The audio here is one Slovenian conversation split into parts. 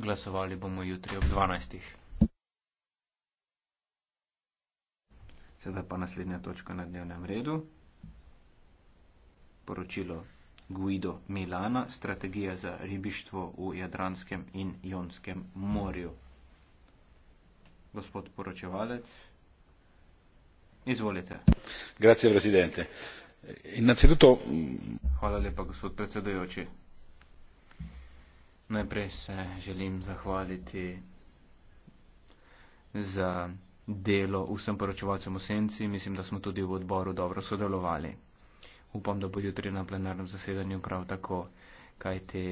Glasovali bomo jutri ob 12. Sedaj pa naslednja točka na dnevnem redu. Poročilo Guido Milana, strategija za ribištvo v Jadranskem in Jonskem morju. Gospod poročevalec, izvolite. Grazie, presidente. Innanzitutto... Hvala lepa, gospod predsedujoči. Najprej se želim zahvaliti za delo vsem poročevalcem v senci. Mislim, da smo tudi v odboru dobro sodelovali. Upam, da bo jutri na plenarnem zasedanju prav tako, kajti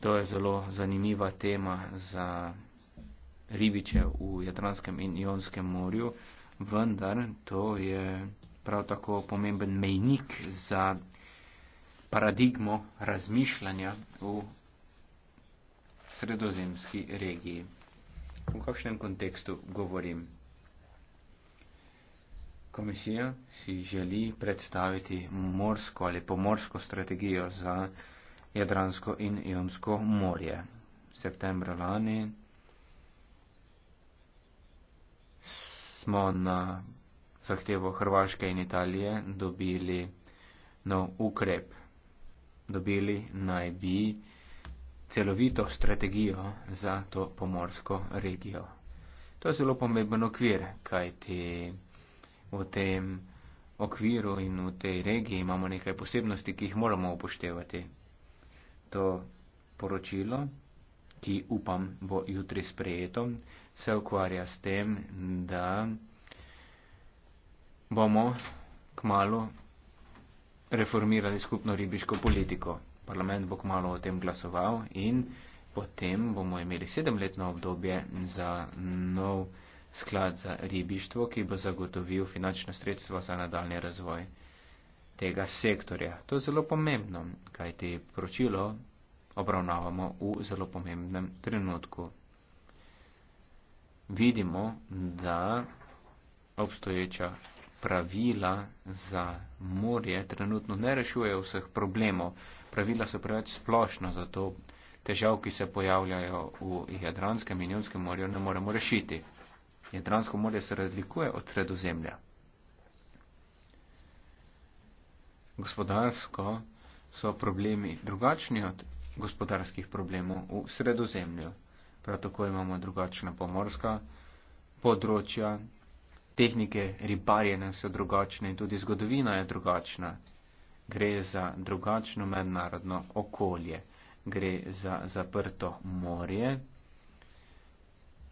to je zelo zanimiva tema za ribiče v Jadranskem in Ionskem morju, vendar to je prav tako pomemben mejnik za paradigmo razmišljanja v sredozemski regiji. V kakšnem kontekstu govorim? Komisija si želi predstaviti morsko ali pomorsko strategijo za Jadransko in Jonsko morje. Septembra lani smo na zahtevo Hrvaške in Italije dobili nov ukrep dobili naj bi celovito strategijo za to pomorsko regijo. To je zelo pomemben okvir, kajti v tem okviru in v tej regiji imamo nekaj posebnosti, ki jih moramo upoštevati. To poročilo, ki upam bo jutri sprejeto, se ukvarja s tem, da bomo kmalo reformirali skupno ribiško politiko. Parlament bo kmalo o tem glasoval in potem bomo imeli sedemletno obdobje za nov sklad za ribištvo, ki bo zagotovil finančne sredstva za nadaljni razvoj tega sektorja. To je zelo pomembno, kaj te poročilo obravnavamo v zelo pomembnem trenutku. Vidimo, da obstoječa pravila za morje trenutno ne rešujejo vseh problemov. Pravila so preveč splošna, zato težav, ki se pojavljajo v Jadranskem in Junskem morju, ne moremo rešiti. Jadransko morje se razlikuje od sredozemlja. Gospodarsko so problemi drugačni od gospodarskih problemov v sredozemlju. Prav tako imamo drugačna pomorska področja, tehnike ribarjenja so drugačne in tudi zgodovina je drugačna. Gre za drugačno mednarodno okolje, gre za zaprto morje,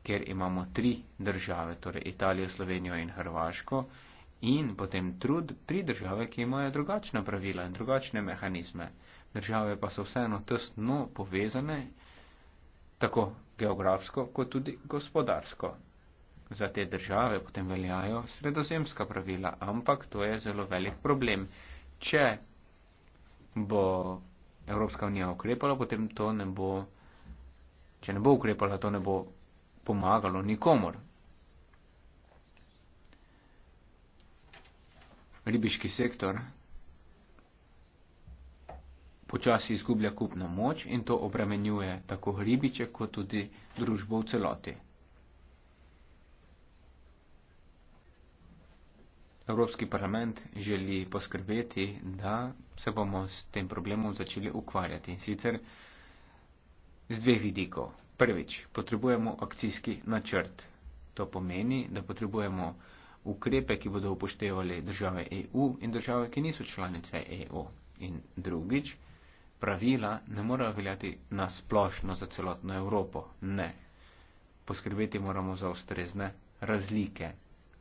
ker imamo tri države, torej Italijo, Slovenijo in Hrvaško, in potem trud tri države, ki imajo drugačna pravila in drugačne mehanizme. Države pa so vseeno tesno povezane, tako geografsko, kot tudi gospodarsko za te države potem veljajo sredozemska pravila, ampak to je zelo velik problem. Če bo Evropska unija ukrepala, potem to ne bo, če ne bo ukrepala, to ne bo pomagalo nikomor. Ribiški sektor počasi izgublja kupno moč in to obremenjuje tako ribiče, kot tudi družbo v celoti. Evropski parlament želi poskrbeti, da se bomo s tem problemom začeli ukvarjati. Sicer z dveh vidikov. Prvič, potrebujemo akcijski načrt. To pomeni, da potrebujemo ukrepe, ki bodo upoštevali države EU in države, ki niso članice EU. In drugič, pravila ne morajo veljati na splošno za celotno Evropo. Ne. Poskrbeti moramo za ustrezne razlike.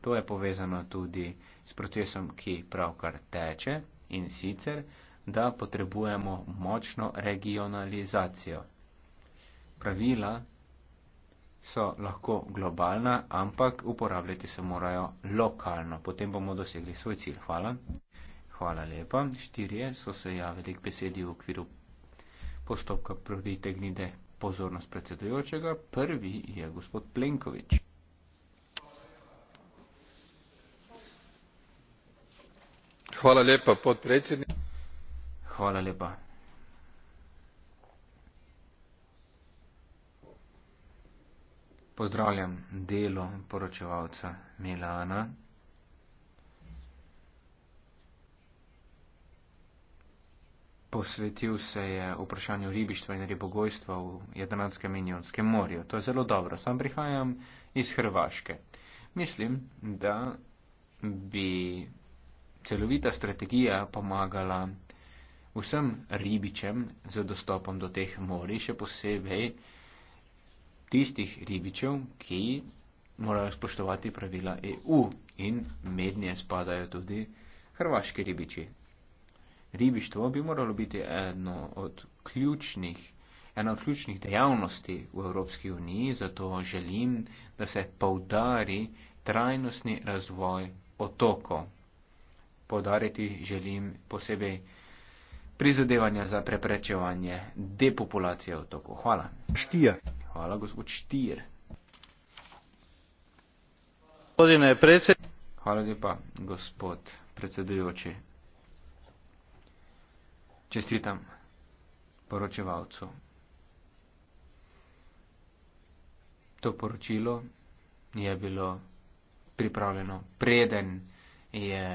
To je povezano tudi s procesom, ki pravkar teče in sicer, da potrebujemo močno regionalizacijo. Pravila so lahko globalna, ampak uporabljati se morajo lokalno. Potem bomo dosegli svoj cilj. Hvala. Hvala lepa. Štirje so se javili k besedi v okviru postopka proditegnide pozornost predsedujočega. Prvi je gospod Plenković. pozdravljam delo poročevalca milana posvetil se je vprašanju ribištva in ribogojstva v jadranskem in jonskem morju to je zelo dobro sam prihajam iz hrvaške mislim da bi celovita strategija pomagala vsem ribičem z dostopom do teh morij, še posebej tistih ribičev, ki morajo spoštovati pravila EU in mednje spadajo tudi hrvaški ribiči. Ribištvo bi moralo biti eno od ključnih, ena od ključnih dejavnosti v Evropski uniji, zato želim, da se poudari trajnostni razvoj otokov podariti želim posebej prizadevanja za preprečevanje depopulacije otokov. Hvala. Štija. Hvala, gospod Štir. Hvala lepa, gospod predsedujoči. Čestitam poročevalcu. To poročilo je bilo pripravljeno preden je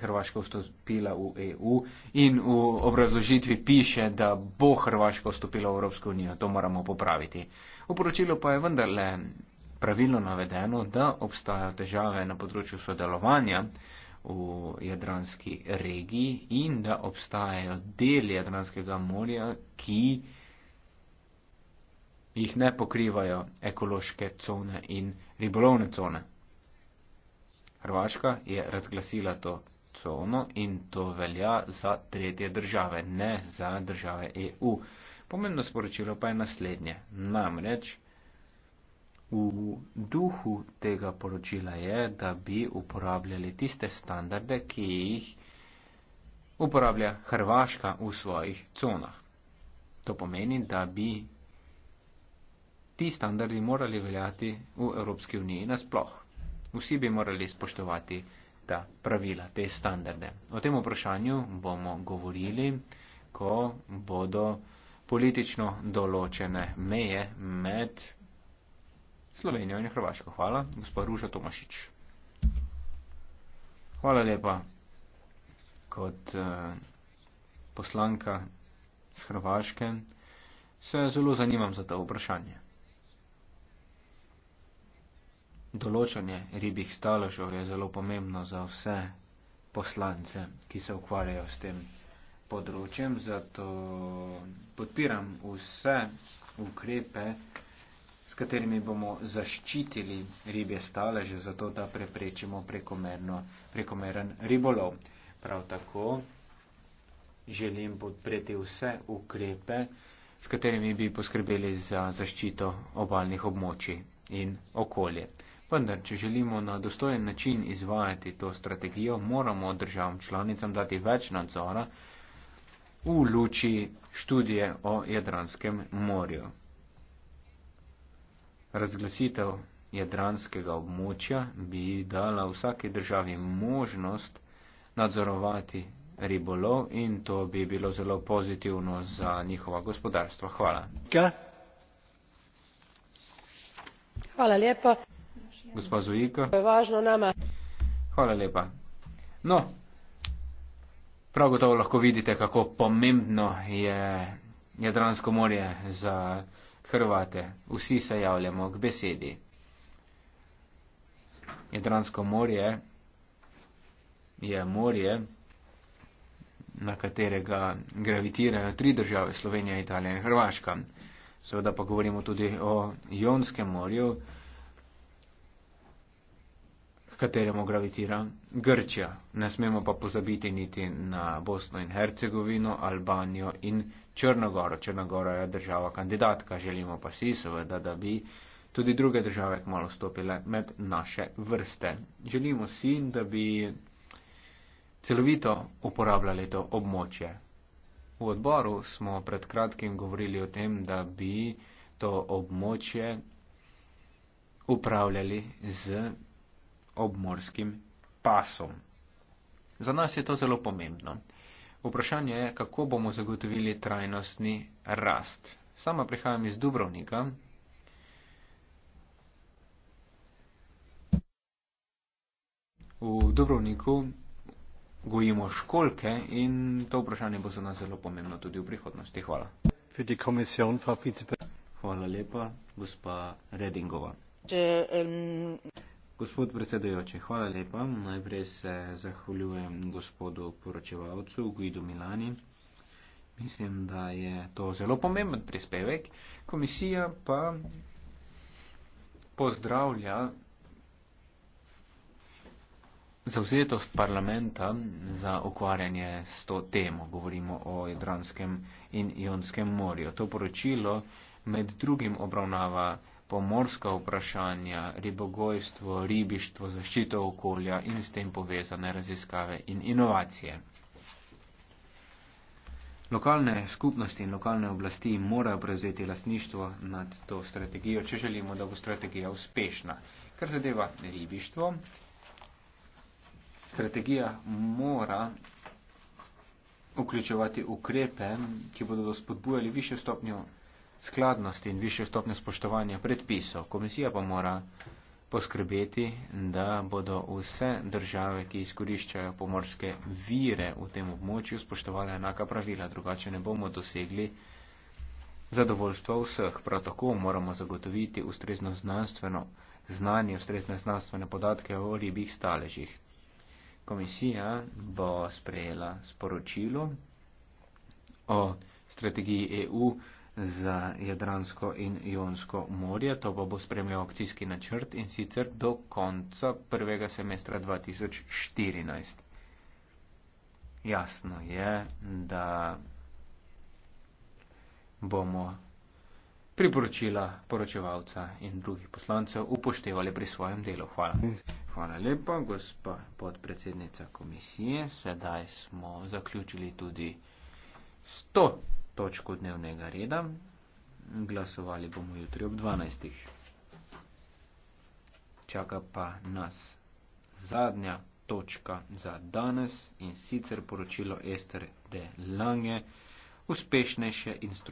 Hrvaška vstopila v EU in v obrazložitvi piše, da bo Hrvaška vstopila v Evropsko unijo. To moramo popraviti. V poročilu pa je vendarle pravilno navedeno, da obstajajo težave na področju sodelovanja v jadranski regiji in da obstajajo deli jadranskega morja, ki jih ne pokrivajo ekološke cone in ribolovne cone. Hrvaška je razglasila to cono in to velja za tretje države, ne za države EU. Pomembno sporočilo pa je naslednje. Namreč v duhu tega poročila je, da bi uporabljali tiste standarde, ki jih uporablja Hrvaška v svojih conah. To pomeni, da bi ti standardi morali veljati v Evropski uniji nasploh. Vsi bi morali spoštovati ta pravila, te standarde. O tem vprašanju bomo govorili, ko bodo politično določene meje med Slovenijo in Hrvaško. Hvala, gospod Ruža Tomašič. Hvala lepa. Kot eh, poslanka z Hrvaške se zelo zanimam za to vprašanje. določanje ribih staložev je zelo pomembno za vse poslance, ki se ukvarjajo s tem področjem, zato podpiram vse ukrepe, s katerimi bomo zaščitili ribje staleže, zato da preprečimo prekomeren ribolov. Prav tako želim podpreti vse ukrepe, s katerimi bi poskrbeli za zaščito obalnih območij in okolje. Vendar, če želimo na dostojen način izvajati to strategijo, moramo državam članicam dati več nadzora v luči študije o Jadranskem morju. Razglasitev Jadranskega območja bi dala vsaki državi možnost nadzorovati ribolov in to bi bilo zelo pozitivno za njihova gospodarstva. Hvala. Hvala lepa gospa Zujika. To je važno nama. Hvala lepa. No, prav gotovo lahko vidite, kako pomembno je Jadransko morje za Hrvate. Vsi se javljamo k besedi. Jadransko morje je morje, na katerega gravitirajo tri države, Slovenija, Italija in Hrvaška. Seveda pa govorimo tudi o Jonskem morju k kateremu gravitira Grčija. Ne smemo pa pozabiti niti na Bosno in Hercegovino, Albanijo in Črnogoro. Črnogora je država kandidatka, želimo pa si seveda, da bi tudi druge države kmalo stopile med naše vrste. Želimo si, da bi celovito uporabljali to območje. V odboru smo pred kratkim govorili o tem, da bi to območje upravljali z obmorskim pasom. Za nas je to zelo pomembno. Vprašanje je, kako bomo zagotovili trajnostni rast. Sama prihajam iz Dubrovnika. V Dubrovniku gojimo školke in to vprašanje bo za nas zelo pomembno tudi v prihodnosti. Hvala. Hvala lepa, gospa Redingova. Gospod predsedojoči, hvala lepa. Najprej se zahvaljujem gospodu poročevalcu Guido Milani. Mislim, da je to zelo pomemben prispevek. Komisija pa pozdravlja zauzetost parlamenta za ukvarjanje s to temo. Govorimo o Jadranskem in Ionskem morju. To poročilo med drugim obravnava pomorska vprašanja, ribogojstvo, ribištvo, zaščito okolja in s tem povezane raziskave in inovacije. Lokalne skupnosti in lokalne oblasti morajo prevzeti lasništvo nad to strategijo, če želimo, da bo strategija uspešna. Kar zadeva ribištvo, strategija mora vključevati ukrepe, ki bodo spodbujali višjo stopnjo skladnosti in više stopne spoštovanja predpisov. Komisija pa mora poskrbeti, da bodo vse države, ki izkoriščajo pomorske vire v tem območju, spoštovali enaka pravila, drugače ne bomo dosegli zadovoljstva vseh. Prav tako moramo zagotoviti ustrezno znanstveno znanje, ustrezne znanstvene podatke o ribih staležih. Komisija bo sprejela sporočilo o strategiji EU za Jadransko in Jonsko morje. To pa bo spremljal akcijski načrt in sicer do konca prvega semestra 2014. Jasno je, da bomo priporočila poročevalca in drugih poslancev upoštevali pri svojem delu. Hvala. Hvala lepa, gospa podpredsednica komisije. Sedaj smo zaključili tudi 100 točko dnevnega reda. Glasovali bomo jutri ob 12. Čaka pa nas zadnja točka za danes in sicer poročilo Ester de Lange, uspešnejše instrumentacije.